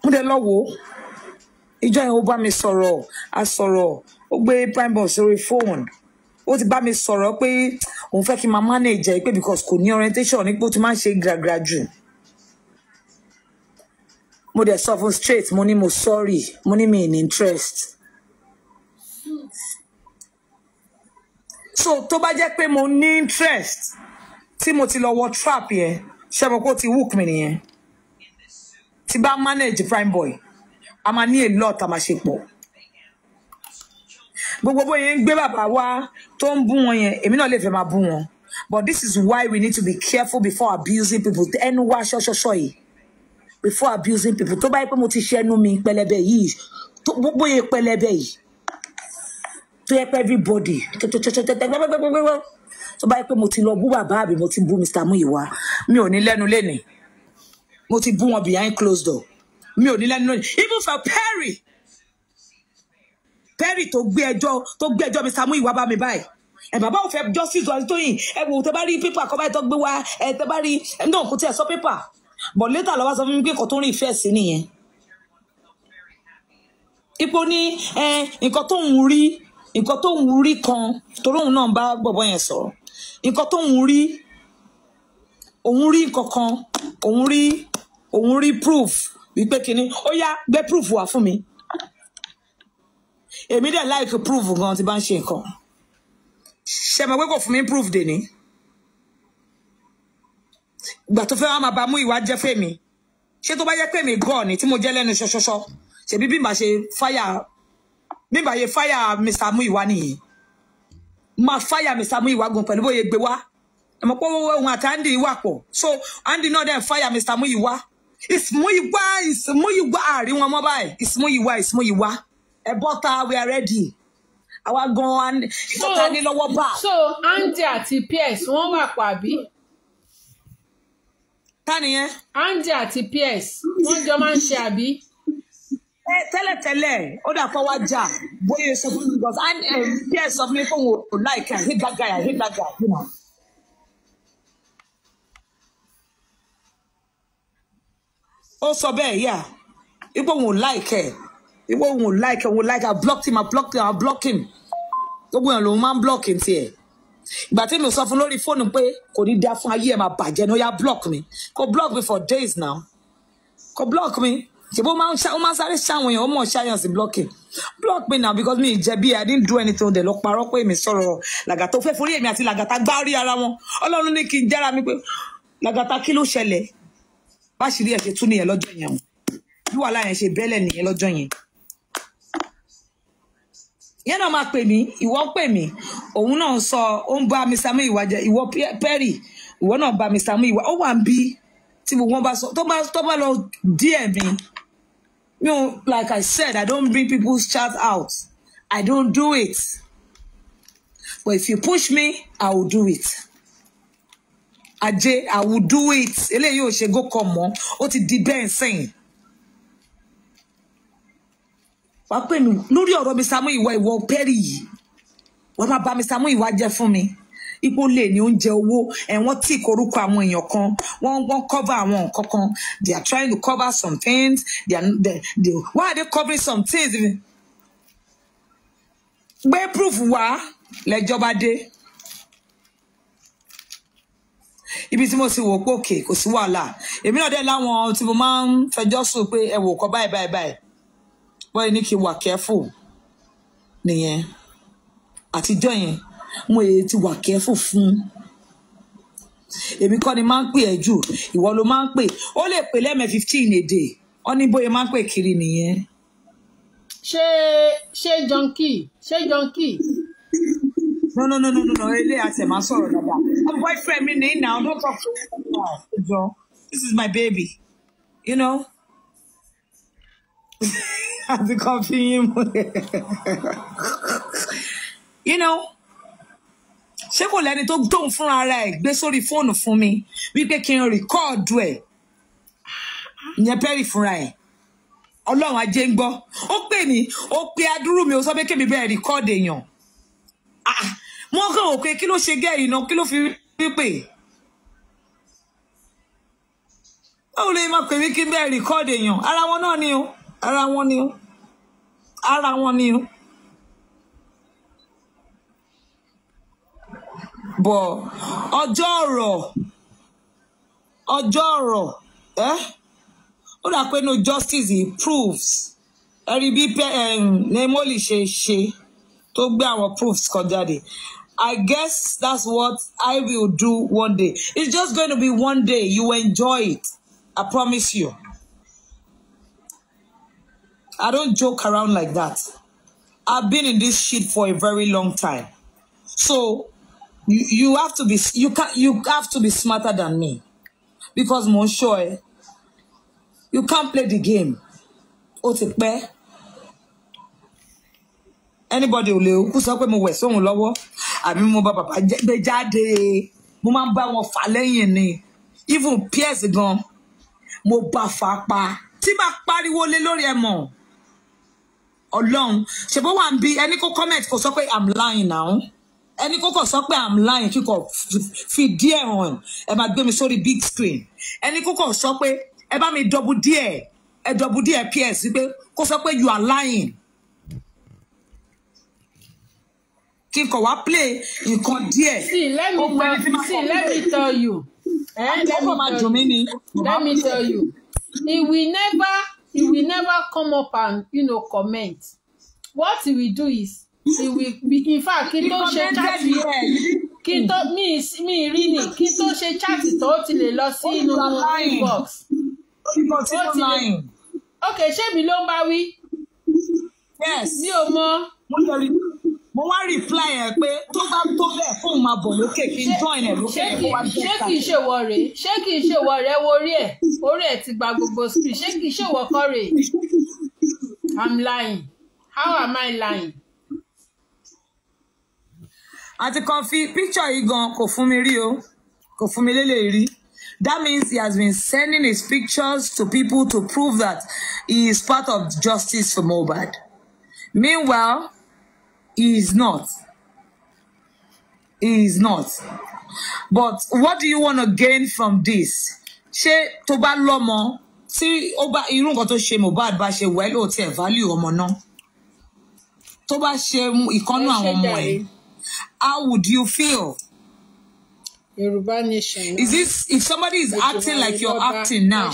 ó dẹ̀ lọ́wọ́ ìjọ yẹn ó bá mi sọ̀rọ̀ a sọ̀rọ̀ ó gbé prime boss sórí fóònù ó ti bá mi sọ̀rọ̀ pé òun fẹ́ kí n máa manage ẹ̀ pé because kò ní orientation nípò tí máa ń ṣe gragra jù mo dẹ̀ sọ fún straight mo ní mo sorry mo ní mi in interest so tó bá jẹ́ pé mo ní interest tí mo ti lọ wọ trap yẹn ṣé mo kó ti hook mi nìyẹn ti bá manage prime boy a máa ní èlò ọ̀tá máa ṣe pọ̀ gbogbo bóyá ń gbé bàbá wa tó ń bú wọn yẹn èmi náà lè fẹ́ máa bú wọn but this is why we need to be careful before abusing people ẹnu wá ṣọṣọṣọ yìí before abusing people tó bá pé mo ti ṣe ẹnu mi pẹlẹbẹ yìí gbogbo yẹ pẹlẹbẹ yìí tó yẹ pé everybody tẹtẹtẹtẹtẹtẹtẹtẹtẹtẹ mi ò ní lẹ́nu lónìí even for Perry Perry tó gbé ẹjọ́ tó gbé ẹjọ́ mi Samuel wá bá mi báyìí ẹ bàbá ò fẹ́ justice ọdún tó yìn ẹ wò tẹ́ bá rí pépà kọ́ báyìí tó gbé wá ẹ tẹ́ bá rí náà kò tiẹ̀ sọ pépà but later lọ́wọ́ sọ fún mi pé kò tó rí ìfẹ́ sí nìyẹn ipò ní nǹkan tó ń rí nǹkan tó ń rí kan torí òun náà bá bọ̀bọ̀ yẹn sọ̀rọ̀ nǹkan tó ń rí òun rí nǹkan kan òun rí òun rí proof wípé kínní ó yá gbé proof wá fún mi èmi dẹ̀ like proof gan tí bá ń ṣe nǹkan ṣe mọ̀ pé kò fún mi proof dè ní ìgbà tó fẹ́ wá máa bá mú ìwà jẹ́ fèmí ṣé tó bá jẹ́ pèmí gan ni tí mo jẹ́ lẹ́nu ṣọṣọṣọ ṣèbí bí màá ṣe fáyà bí màá ṣe fáyà Mr. Muiwa nìyí máa fáyà Mr. Muiwa gan pẹ̀lú bóyá gbé wá ẹ mọ̀ pé òun àti Andy wà pọ̀ so Andy náà dẹ̀ fáyà Mr. Muiwa ìsìmúyíwá ìsìmúyíwá àrí ah, wọn mọ́ báyìí ìsìmúyíwá ìsìmúyíwá ẹ bọ́ta we are ready àwa gan-an ìtọ́ta ní lọ́wọ́ bá. so andy àti pierce wọ́n wà pàbí. ta nìyẹn. andy àti pierce wọ́n jọ máa ń ṣe àbí. ẹ tẹ́lẹ̀tẹ́lẹ̀ ó dà fọ́ wá jà bóyá sọ fún mi because pierce sọ fún mi fóun ò láìka i hate that guy i hate that guy. You know? ó sọ bẹ́ẹ̀ yà ipò òun ò like ẹ̀ ipò òun ò like ẹ̀ òun ò like ẹ̀ I blocked him I blocked him I blocked him gbogbo èèyàn lòun máa ń block him tiẹ̀ ìgbà tí mi sọ fún lórí fóònù pé kò ní dá fún ayé ẹ̀ máa bàjẹ́ ní ó yá block mi kò block me for days now kò block mi ṣe bó máa ń sáré ṣàwọn èèyàn ó mọ̀ ṣáyàn sí blocking block me now because mi ì jẹ̀bi i didn't do anything dẹ̀ lọ parọ́ pé èmi sọ̀rọ̀ làgàtà ó fẹ́ forí èmi àti làgàtà gbá orí ara wọn ọlọ́run ní kí n jára mi pé làgàtà kí ló ṣẹlẹ̀ báṣìírí ẹ̀ ṣe tú nìyẹn lọ́jọ́ yẹn o bí wàhálà yẹn ṣe bẹ́lẹ̀ nìyẹn lọ́jọ́ yẹn yẹn náà máa pè mí ìwọ pè mí òun náà sọ ó ń bá Mr. Muyiwa jẹ ìwọ Perry ìwọ náà bá Mr. Muyiwa ó wà ń bí tí wọn bá sọ tó bá tó bá lọ díẹ̀ mi mi ò like I said I don't bring people's chat out I don't do it but if you push me I will do it ajé i will do it eléyìí ò ṣe go kọ mọ́ ó ti di bẹ́ẹ̀ sẹ́yìn. wà á pè mí lórí ọ̀rọ̀ mi Samuel ìwà ìwọ pẹ́rì yìí wọ́n máa bá mi Samuel ìwà jẹ́ fún mi ipò lè ní oúnjẹ owó ẹ̀wọ̀n tí ìkorúkọ àwọn èèyàn kan wọ́n wọ́n cover àwọn nǹkan kan they are trying to cover some things they are they, they, why are they covering some things. gbé proof wá lẹ́jọ́ bá dé. ibi tí mo ti wò pé òkè kò sí wàhálà èmi náà dé láwọn tí mo máa ń fẹjọ́ sùn pé ẹ wò kọ́ báyìí báyìí báyìí bọ́ọ̀ ní kí n wà kẹ́fù nìyẹn àtijọ́ yẹn mo èyí ti wà kẹ́fù fún èmi kọ́ máa ń pè ẹ́ jù ìwọ ló máa ń pè ó lè pè lẹ́mẹ̀ fifteen èdè ó ní bóyá máa ń pè kiri nìyẹn. ṣé ṣé junkie ṣé junkie. No, no, no, no, no, no. Ele ase ma sọ̀rọ̀ dada. My boyfriend mi ni now don't talk to me now. This is my baby. You know? I've become him. You know? Ṣé kò lẹ́ni tó tóun fúnra rẹ̀ gbé sórí fóònù fún mi wípé kí n rìkọ́ọ̀dù ẹ̀ ìyẹn pẹ́rì fúnra ẹ̀ ọlọ́run ajé ń gbọ́ ó pè ní ó pe adúrú mi ó sọ pé kémi bẹ́ẹ̀ rìkọ́ọ̀dù èèyàn ah, wọ́n kàn wò pé kí ló ṣe gẹ́rì náà kí ló fi rí pè báwo lè máa pè mí kí n bẹ́ẹ̀ rìkọ́ọ̀dù èèyàn ara wọn náà ni o ara wọn ni o ara wọn ni o bọ̀ ọjọ́ ọ̀rọ̀ ọjọ́ ọ̀rọ̀ ẹ́ ó dà pé no justice improves ẹ̀rí bí nemoli ṣe ṣe tó gbé àwọn proofs kan jáde I guess that's what I will do one day. It's just going to be one day. You enjoy it. I promise you. I don't joke around like that. I've been in this shit for a very long time. So you, you have to be you can you have to be smarter than me. Because Monsieur, eh, you can't play the game. Ó Anybody will lè kú sọ pé mo wẹ̀ sóhun àbí mo bá bàbá gbé jáde mo máa ń bá wọn fà lẹ́yìn ni even pierce gan mo bá fà pa tí máa pariwo lé lórí ẹ mọ̀ ọlọ́run ṣèbó wà ń bí ẹni kó comment kò sọ pé i'm lying now ẹni kó kàn sọ pé i'm lying kíkọ fi díẹ̀ hàn ẹ máa gbé mi sórí big screen ẹni kó kàn sọ pé ẹ bá mi double díẹ̀ ẹ double díẹ̀ pierce pé kó sọ pé you are lying kí n kọ̀ wá play nǹkan díẹ̀. see let me tell see let me tell you. Eh, let me tell you. let he will never he will never come up and you know, comment. what he will do is he will be in fact kí tó ṣe chat kí tó mi mi rí ni kí tó ṣe chat tó ti lè lọ sí inú inbox. ó ti lè ok ṣé mi ló ń bá wí. yes mi ò mọ. mo lọ rí i mo wá reply ẹ pé tó bá tó bẹ́ẹ̀ fóun máa bọ̀ lókè kí n join ẹ̀ lókè kó wá gbé ká. ṣé kìí ṣe wọ rèé ṣé kìí ṣe wọ rẹ wo orí ẹ orí ẹ ti gba gbogbo screen ṣé kìí ṣe wọ kọ rèé i'm lying how am i lying. àti kan fi picture yìí gan kò fún mi rí o kò fún mi lélẹ̀ rí. That means he has been sending his pictures to people to prove that he is part of justice for Mohbad. Meanwhile, He is not. He is not. But what do you want to gain from this? Ṣé tó bá lọ́mọ tí ó bá irú nǹkan tó ṣe Mohbad bá ṣe wẹ́ẹ́ lóòótọ́ ẹ̀ value ọmọ náà? Tó bá ṣe ìkọ́nú àwọn ọmọ ẹ̀, how would you feel? Yoruba nation. Is this if somebody is acting like you're acting now?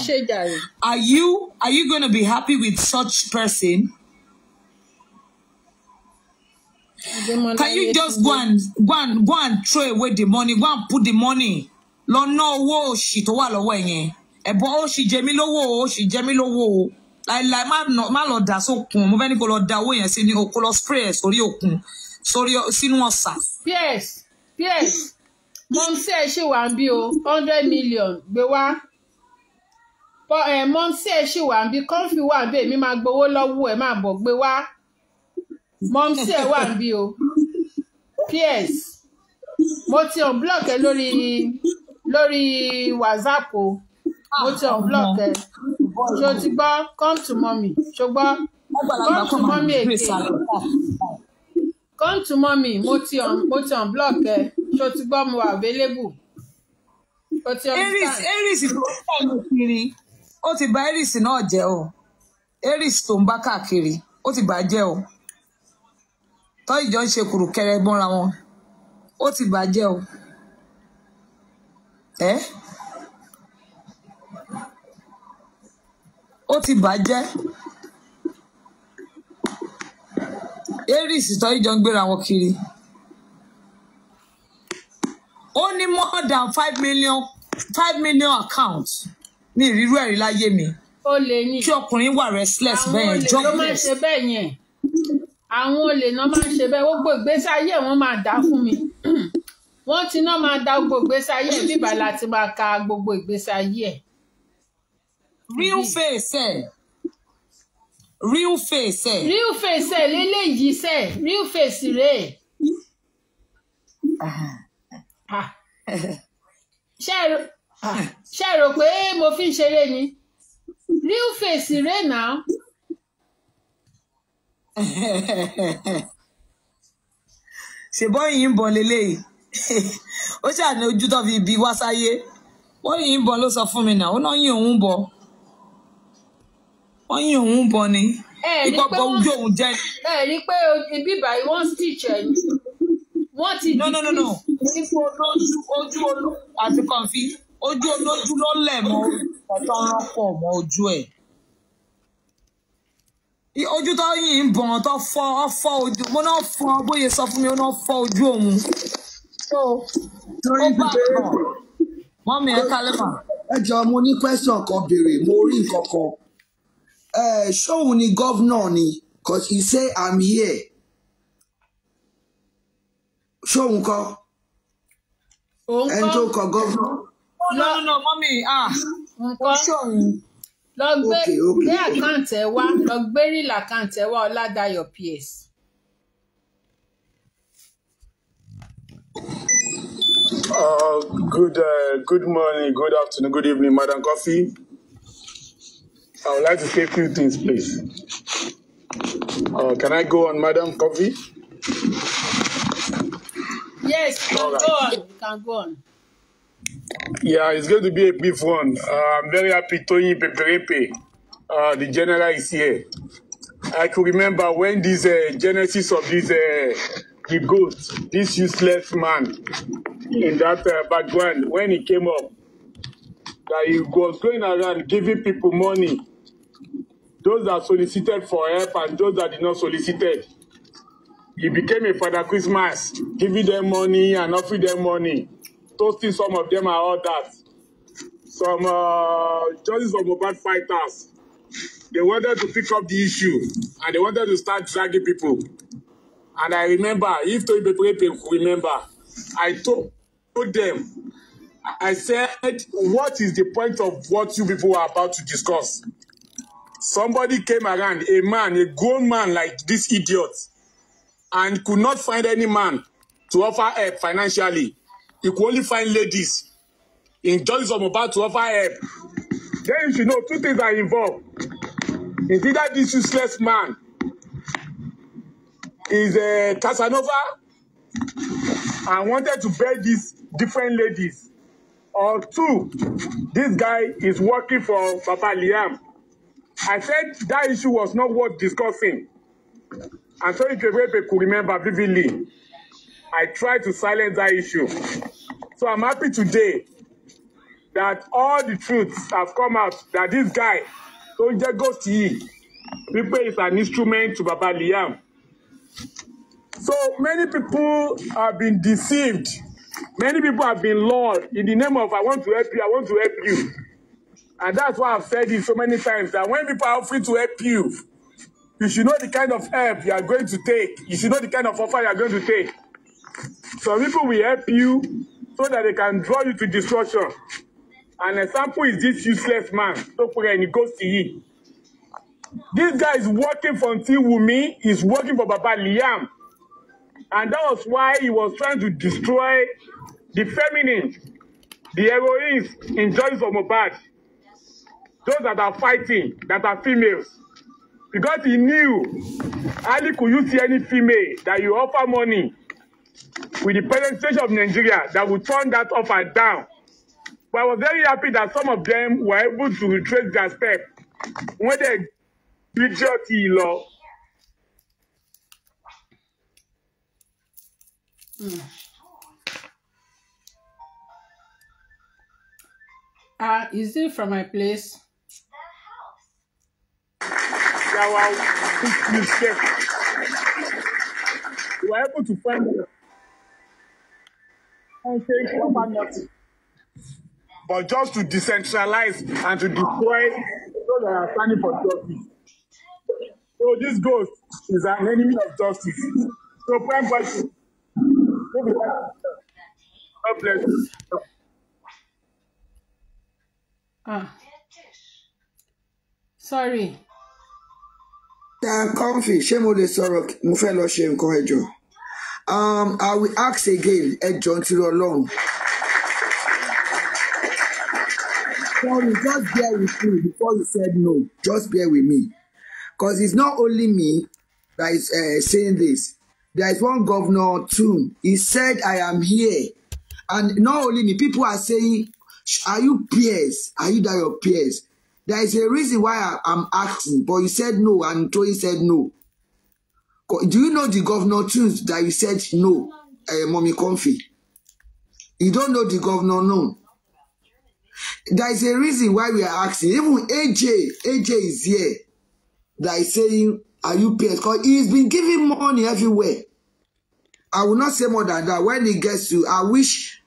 Are you are you going to be happy with such person? Can you just go and go and go and throw away the money? Go and put the money. Lọ ná owó òṣì tó wà lọ́wọ́ ẹ̀ yẹn. Ẹ̀bùn òṣì jẹ mí lówó o, òṣì jẹ mí lówó o. Láìláì má lọ dà sókun. Mo fẹ́ ní kó lọ da owó yẹn sí ní oko lọ spray ẹ̀ sórí òkun sórí sínú ọ̀sà. Yes, yes, mọ̀nsí ẹ̀ ṣì wà ń bí o, hundred million gbé wá. Mọ̀nsí ẹ̀ ṣì wà ń bí, kọ́ńfì wà ń bí, èmi máa gbowó lọ́wọ́ ẹ̀ máa bọ̀ gbé wá. Mom, ẹ̀ wà ń bí o ps mo ti unblock ẹ lórí lórí whatsapp o mo ti ah, unblock ẹ ṣo ti gbọ́ come to mommy ṣo gbọ́ come to mommy again come to mommy mo ti mo ti unblock ẹ ṣo ti gbọ́ mo available o ti understand. Eris aries tó ń bá mi kiri ó ti bà aries náà jẹ́ o Eris. tó ń bá káàkiri ó ti bà jẹ́ o tó ìjọ ń ṣe kùrùkẹrẹ mọ́ra wọn ó ti bàjẹ́ o ẹ́ ó ti bàjẹ́ aries tó ìjọ ń gbéra wọn kiri ó ní more than five million five million account mi ìrírú ẹ̀rí láyé mi kí ọkùnrin wà restless bẹ́ẹ̀ jọ́pọ̀ àwọn olè náà máa ń ṣe bẹ́ẹ̀ gbogbo ìgbésí ayé wọn máa dá fún mi wọ́n ti náà máa dá gbogbo ìgbésí ayé ẹ̀ bíbá láti máa ka gbogbo ìgbésí ayé ẹ̀. real face ẹ real face ẹ. real face ẹ lélẹ́yìí sẹ́ real face rẹ̀. ṣe rò pé mo fi ń ṣeré ni real face rẹ̀ náà. ṣèbọ́ yìí ń bọ̀ lélẹ́yìí ó ṣàní ojú tó fi bí wá sáyé wọ́n yìí ń bọ̀ ló sọ fún mi náà ó náà yìn òun bọ̀ wọ́n yìn òun bọ̀ ni ìpapọ̀ ojú òun jẹ́. ẹ rí pé ibi báyìí wọ́n ń tìjẹ́ ni wọ́n ti di nípa olójú ojú olú àti kànfin ojú olójú ló lẹ̀ mọ́ ọ̀tọ̀ ọ̀rọ̀ pọ̀ mọ́ ojú ẹ̀ ojú tó yìn bọ̀n tó fọ́ ọ ojú mo náà fọ́ bóyá sọ fún mi ó náà fọ́ ojú òun so ó bá bọ̀ mọ́mí ẹ kálẹ́ mà. ẹ jọ mo ní question kan béèrè mo rí nǹkan kan ṣóun ni gọ́vnà ni cause he say i'm here ṣóun kọ́ ẹni tó kọ gọ́vnà. no no no mọ́mí ah nǹkan ṣóun lọ gbé gbé àkáǹtì ẹ wá lọ gbé rílì àkáǹtì ẹ wá ọládàyọ ps. Uh, good, uh, good morning, good afternoon, good evening, Madam Coffee. I would like to say a few things, please. Uh, can I go on, Madam Coffee? Yes, you can right. go on. You can go on. Yeah, it's going to be a brief one. Uh, I'm very happy to Peperepe, uh, the general is here. I could remember when this uh, genesis of this uh, the goat, this useless man in that uh, background, when he came up, that he was going around giving people money, those that solicited for help and those that did not solicited. He became a Father Christmas, giving them money and offering them money toasting some of them and all that. Some uh, judges of Mobad fighters, they wanted to pick up the issue and they wanted to start dragging people. And I remember, if to people remember, I told them, I said, what is the point of what you people are about to discuss? Somebody came around, a man, a grown man like this idiot, and could not find any man to offer help financially. You could only find ladies in Joyce of about to offer help. Then you should know two things are involved. It's either this useless man is a uh, Casanova and wanted to beg these different ladies. Or two, this guy is working for Papa Liam. I said that issue was not worth discussing. And so Ikewepe could remember vividly. I tried to silence that issue. So I'm happy today that all the truths have come out that this guy tó ń jẹ́ ghost yìí wípé is an instrument to Baba Liam. So many people have been deceived. Many people have been lured in the name of I want to help you, I want to help you. And that's why I've said it so many times that when people are offering to help you, you should know the kind of help you are going to take. You should know the kind of offer you are going to take. Some people will help you so that they can draw you to destruction. An example is this useless man, Topura him. This guy is working for Tiwumi, he's working for Baba Liam. And that was why he was trying to destroy the feminine, the heroines in Joyce of Mohbad, those that are fighting, that are females. Because he knew Ali could use any female that you offer money with the present of Nigeria that would turn that offer down. But I was very happy that some of them were able to retrace their step when they did dirty law. Mm. Uh, is it from my place? There were, you were able to find But just to decentralize and to deploy. those that are standing for justice. So this ghost is an enemy of justice. So prime question. God bless you. Ah. Sorry. Dan Comfy, ṣé mo lè sọ̀rọ̀ mo fẹ́ lọ ṣe nǹkan ẹ̀jọ̀? um, I will ask again ẹ jọ ń tiri ọlọ́run. Sorry, just bear with me before you said no. Just bear with me. Because it's not only me that is uh, saying this. There is one governor too. He said, I am here. And not only me, people are saying, Are you peers? Are you that your peers? There is a reason why I, I'm asking, but he said no, and Tony said no do you know the governor tunes that you said no uh, mommy comfy you don't know the governor no there is a reason why we are asking even aj aj is here that is saying are you paid because he has been giving money everywhere i will not say more than that when he gets to i wish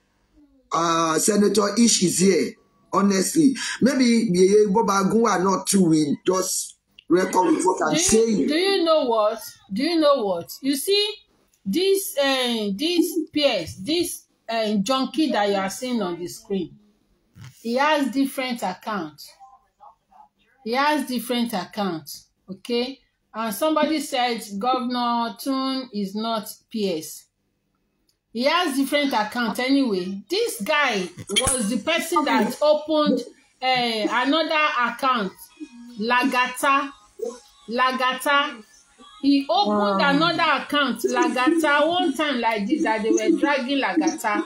uh, senator ish is here honestly maybe yeye bobagun are not too we just record with what I'm do you, saying. Do you know what? Do you know what? You see, this, uh, these peers, this uh, junkie that you are seeing on the screen, he has different accounts. He has different accounts, okay? And somebody said Governor Tun is not PS. He has different accounts anyway. This guy was the person that opened uh, another account, Lagata Lagata. He opened wow. another account, Lagata, one time like this, that they were dragging Lagata.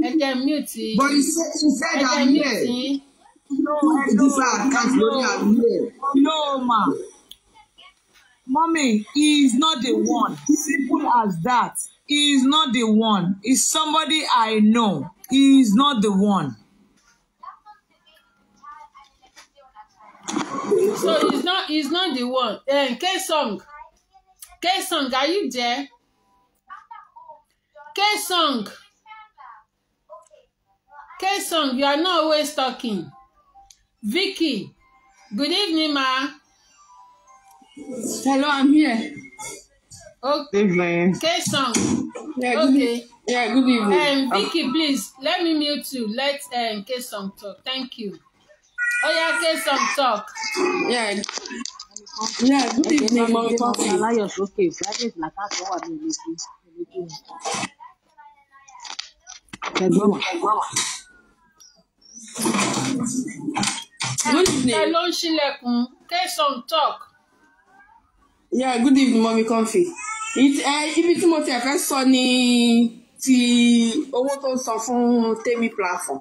And then mute. But he said, he said I'm here. No, I don't. No, no ma. Mommy, he is not the one. Simple as that. He is not the one. He's somebody I know. He is not the one. so he's not he's not the one um, eh, K song, are you there K song, K song, you are not always talking Vicky good evening ma hello I'm here okay evening. song. yeah, okay yeah good evening um, Vicky please let me mute you let um, eh, song talk thank you. Oya oh, say some talk. Yeah. Yeah, good evening. Mama Mama Alayo Soke, graduate Lata Good evening. Ẹ ló Say some talk. Yeah, good evening, mommy Comfy. Eh, ibi tí mo ti fẹ́ sọ ni ti owó tó ń san fún Temi platform.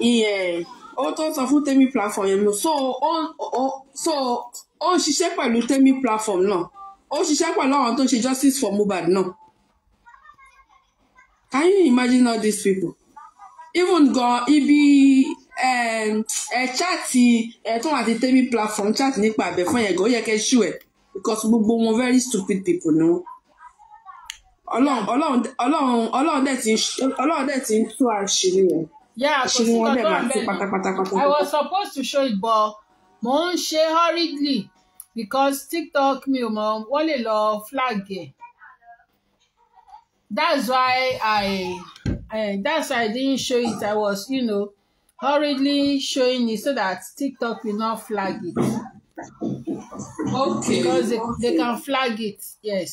Yeah ohun tó ń sọ fún temi platform yẹn mo so ó ń ṣiṣẹ́ pẹ̀lú temi platform náà ó ń ṣiṣẹ́ pẹ̀lú àwọn tó ń ṣe justice for Mohbad náà can you imagine all these people even gan ibi ẹ eh, eh, chaati ẹ eh, tó àti temi platform chaati nípa abẹ fún yẹn gan ó yẹ kẹ́ ṣú ẹ because gbogbo wọn very stupid people ni wọn ọlọ́run ọlọ́run ọlọ́run ọlọ́run dẹ̀ ti ń tú àṣírí wọn àṣírí wọn dẹ̀ máa tú pátápátápátá. I was supposed to show it but mo ń ṣe hurriedly because TikTok mi ò mọ wọ́n lè lọ flag ẹ̀ that's why I uh, that's why I didn't show it I was you know hurriedly showing it so that TikTok will not flag it okay because they, they can flag it yes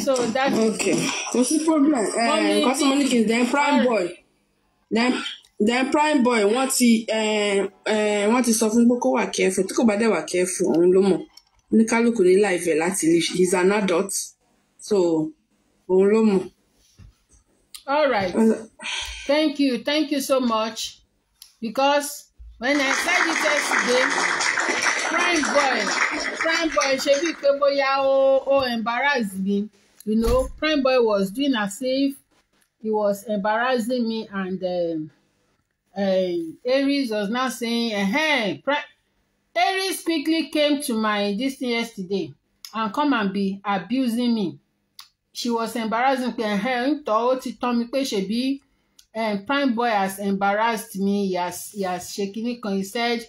so that. okay What's the problem Because money mo then prime boy then then prime boy wọ́n ti eh, eh, wọ́n ti sọ fún pé kó wà careful tí kò bá dẹ̀ wà careful òun ló mọ̀ oníkálukú ní láìfẹ́ láti live he is an adult so òun ló mọ̀. all right thank you thank you so much because when I said it yesterday prime boy prime boy ṣe bíi pé bóyá ó ó embarrass me, you know prime boy was doing as if he was embarrassing me and um, um Aries was now saying uh prime Aries quickly came to my this thing yesterday and come and be abusing me. She was embarrassing pé ẹ̀hẹ́n ń tọ́ ó ti tán mi pé ṣebí um, prime boy has embarrassed me he has he has ṣe kinní kan he said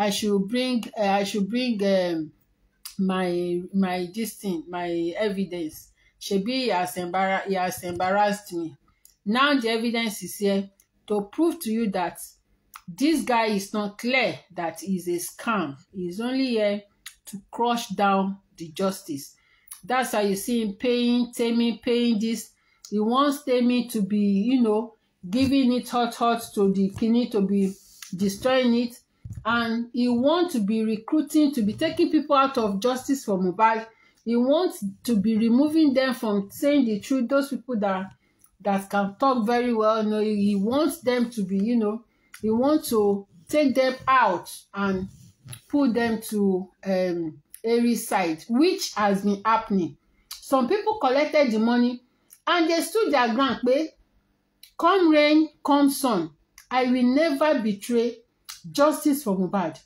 I should bring uh, I should bring um, my my distinct my evidence shebi he has embarrassed he has embarrassed me now the evidence is here to prove to you that this guy is not clear that he's a scam he's only here to crush down the justice that's how you see him paying Temi paying this he wants Temi to be you know giving it hot hot to the kidney to be destroying it and he want to be recruiting to be taking people out of justice for mobile. he wants to be removing them from saying the truth those people that that can talk very well you know he, wants them to be you know he wants to take them out and put them to um Aries side which has been happening some people collected the money and they stood their ground pe come rain come sun I will never betray Justice for Mubad.